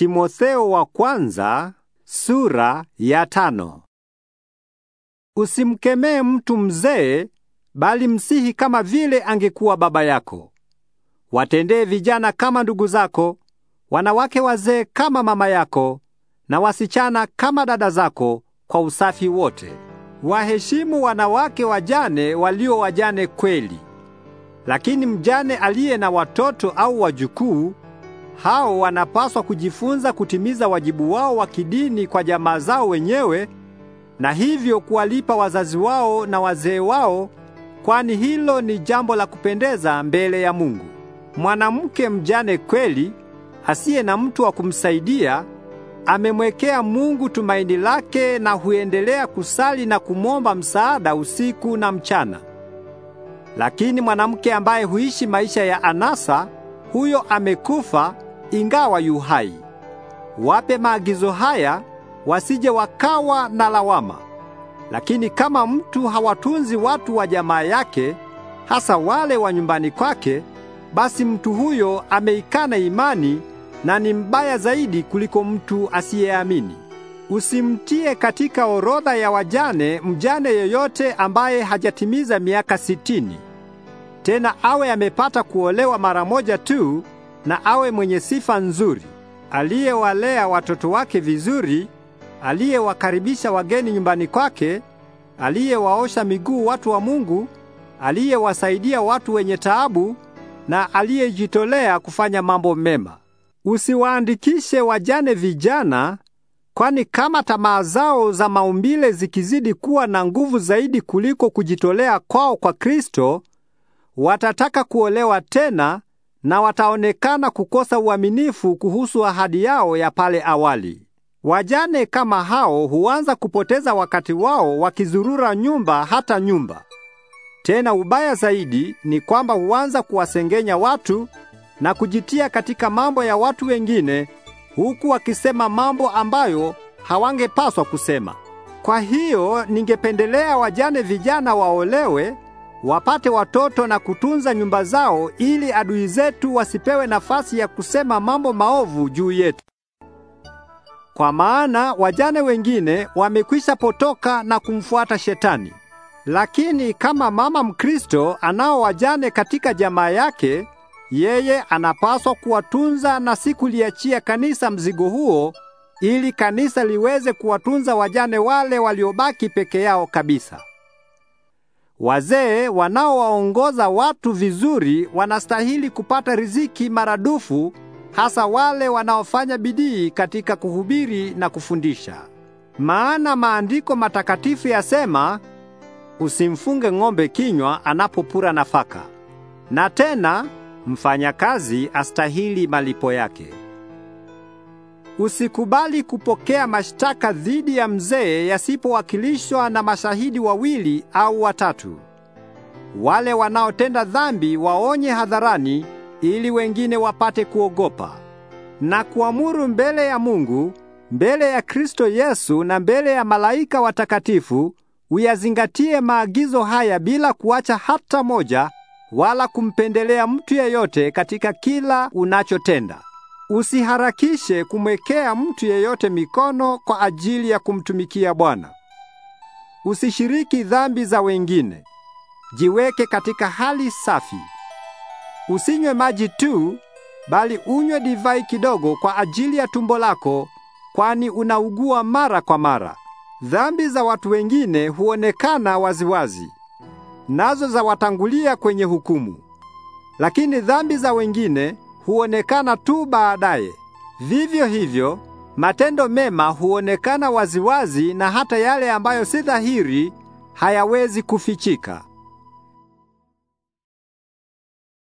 Timotheo wa kwanza sura ya tano. Usimkemee mtu mzee bali msihi kama vile angekuwa baba yako. Watendee vijana kama ndugu zako, wanawake wazee kama mama yako, na wasichana kama dada zako kwa usafi wote. Waheshimu wanawake wajane walio wajane kweli. Lakini mjane aliye na watoto au wajukuu hao wanapaswa kujifunza kutimiza wajibu wao wa kidini kwa jamaa zao wenyewe na hivyo kuwalipa wazazi wao na wazee wao, kwani hilo ni jambo la kupendeza mbele ya Mungu. Mwanamke mjane kweli asiye na mtu wa kumsaidia amemwekea Mungu tumaini lake na huendelea kusali na kumwomba msaada usiku na mchana. Lakini mwanamke ambaye huishi maisha ya anasa, huyo amekufa ingawa yu hai. Wape maagizo haya wasije wakawa na lawama. Lakini kama mtu hawatunzi watu wa jamaa yake, hasa wale wa nyumbani kwake, basi mtu huyo ameikana imani na ni mbaya zaidi kuliko mtu asiyeamini. Usimtie katika orodha ya wajane mjane yoyote ambaye hajatimiza miaka sitini. Tena awe amepata kuolewa mara moja tu na awe mwenye sifa nzuri, aliyewalea watoto wake vizuri, aliyewakaribisha wageni nyumbani kwake, aliyewaosha miguu watu wa Mungu, aliyewasaidia watu wenye taabu na aliyejitolea kufanya mambo mema. Usiwaandikishe wajane vijana, kwani kama tamaa zao za maumbile zikizidi kuwa na nguvu zaidi kuliko kujitolea kwao kwa Kristo, watataka kuolewa tena na wataonekana kukosa uaminifu kuhusu ahadi yao ya pale awali. Wajane kama hao huanza kupoteza wakati wao wakizurura nyumba hata nyumba. Tena ubaya zaidi ni kwamba huanza kuwasengenya watu na kujitia katika mambo ya watu wengine huku wakisema mambo ambayo hawangepaswa kusema. Kwa hiyo ningependelea wajane vijana waolewe wapate watoto na kutunza nyumba zao, ili adui zetu wasipewe nafasi ya kusema mambo maovu juu yetu. Kwa maana wajane wengine wamekwisha potoka na kumfuata Shetani. Lakini kama mama Mkristo anao wajane katika jamaa yake, yeye anapaswa kuwatunza na si kuliachia kanisa mzigo huo, ili kanisa liweze kuwatunza wajane wale waliobaki peke yao kabisa. Wazee wanaowaongoza watu vizuri wanastahili kupata riziki maradufu, hasa wale wanaofanya bidii katika kuhubiri na kufundisha. Maana maandiko matakatifu yasema, usimfunge ng'ombe kinywa anapopura nafaka. Na tena mfanyakazi astahili malipo yake. Usikubali kupokea mashtaka dhidi ya mzee yasipowakilishwa na mashahidi wawili au watatu. Wale wanaotenda dhambi waonye hadharani ili wengine wapate kuogopa. Na kuamuru mbele ya Mungu, mbele ya Kristo Yesu na mbele ya malaika watakatifu uyazingatie maagizo haya bila kuacha hata moja wala kumpendelea mtu yeyote katika kila unachotenda usiharakishe kumwekea mtu yeyote mikono kwa ajili ya kumtumikia Bwana. Usishiriki dhambi za wengine. Jiweke katika hali safi. Usinywe maji tu, bali unywe divai kidogo kwa ajili ya tumbo lako, kwani unaugua mara kwa mara. Dhambi za watu wengine huonekana waziwazi, nazo zawatangulia kwenye hukumu. Lakini dhambi za wengine huonekana tu baadaye. Vivyo hivyo, matendo mema huonekana waziwazi na hata yale ambayo si dhahiri hayawezi kufichika.